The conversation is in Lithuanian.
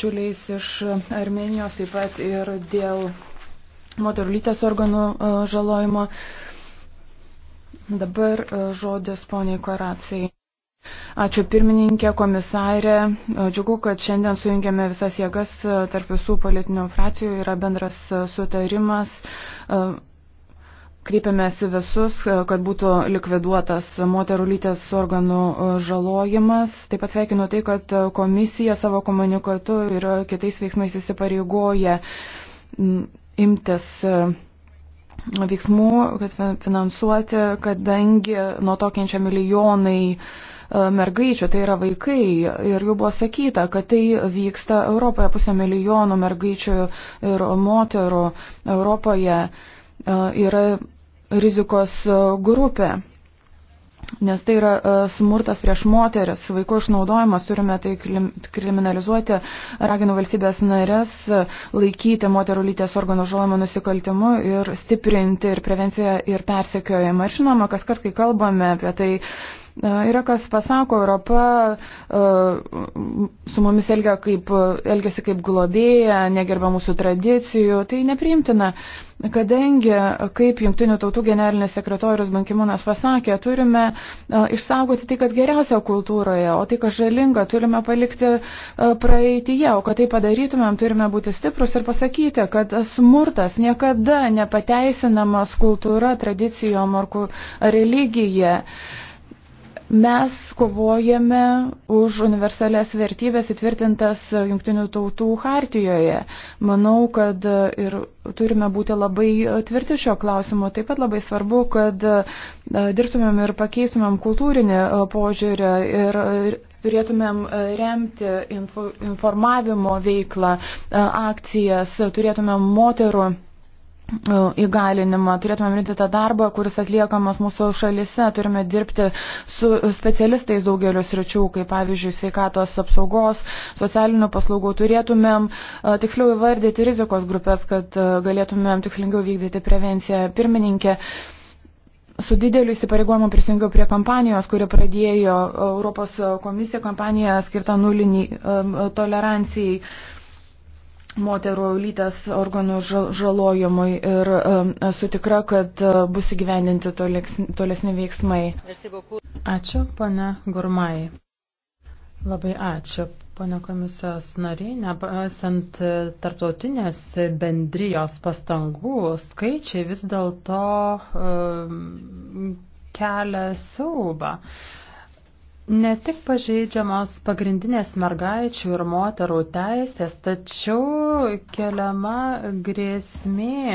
čiuliais iš Armenijos, taip pat ir dėl moterų lytės organų e, žalojimo. Dabar e, žodis poniai Koracijai. Ačiū pirmininkė, komisarė. E, džiugu, kad šiandien sujungėme visas jėgas tarp visų politinių frakcijų. Yra bendras sutarimas Kreipiamės į visus, kad būtų likviduotas moterų lytės organų e, žalojimas. Taip pat sveikinu tai, kad komisija savo komunikatu ir kitais veiksmais įsipareigoja imtis e, veiksmų, kad finansuoti, kadangi nuo to kenčia milijonai e, mergaičių, tai yra vaikai. Ir jau buvo sakyta, kad tai vyksta Europoje, pusę milijono mergaičių ir moterų Europoje. E, yra rizikos e, grupė. Nes tai yra e, smurtas prieš moteris, vaikų išnaudojimas, turime tai kriminalizuoti, raginu valstybės narės laikyti moterų lyties organų žalojimo nusikaltimu ir stiprinti ir prevenciją ir persekiojimą. Ir žinoma, kas kart, kai kalbame apie tai, Yra kas pasako, Europa e, su mumis elgia kaip, elgiasi kaip globėja, negerba mūsų tradicijų, tai nepriimtina, kadangi, kaip Junktinių tautų generalinis sekretorius Bankimūnas pasakė, turime e, išsaugoti tai, kas geriausia kultūroje, o tai, kas žalinga, turime palikti e, praeitie, o kad tai padarytumėm, turime būti stiprus ir pasakyti, kad smurtas niekada nepateisinamas kultūra, tradicijom ar religija. Mes kovojame už universalias vertybės įtvirtintas Junktinių tautų hartijoje. Manau, kad ir turime būti labai tvirti šio klausimu. Taip pat labai svarbu, kad e, dirbtumėm ir pakeistumėm kultūrinį e, požiūrį ir turėtumėm e, remti informavimo veiklą, akcijas, turėtumėm moterų E, įgalinimą, turėtumėm rimti tą darbą, kuris atliekamas mūsų šalise, turime dirbti su specialistais daugeliu sričių, kaip pavyzdžiui sveikatos apsaugos, socialinių paslaugų, turėtumėm e, tiksliau įvardyti rizikos grupės, kad e, galėtumėm tikslingiau vykdyti prevenciją. Pirmininkė, su dideliu įsipareigojimu prisijungiau prie kampanijos, kurią pradėjo Europos komisija, kampanija skirta nuliniai tolerancijai moterų lytės organų žalojimui ir esu tikra, kad e, bus įgyvendinti tolesni veiksmai. Ačiū, pane Gurmai. Labai ačiū, pane komisijos nariai. Nepaisant e, tarptautinės bendrijos pastangų, skaičiai vis dėlto um, kelia siaubą. Uh, ne tik pažeidžiamos pagrindinės mergaičių ir moterų teisės, tačiau keliama grėsmė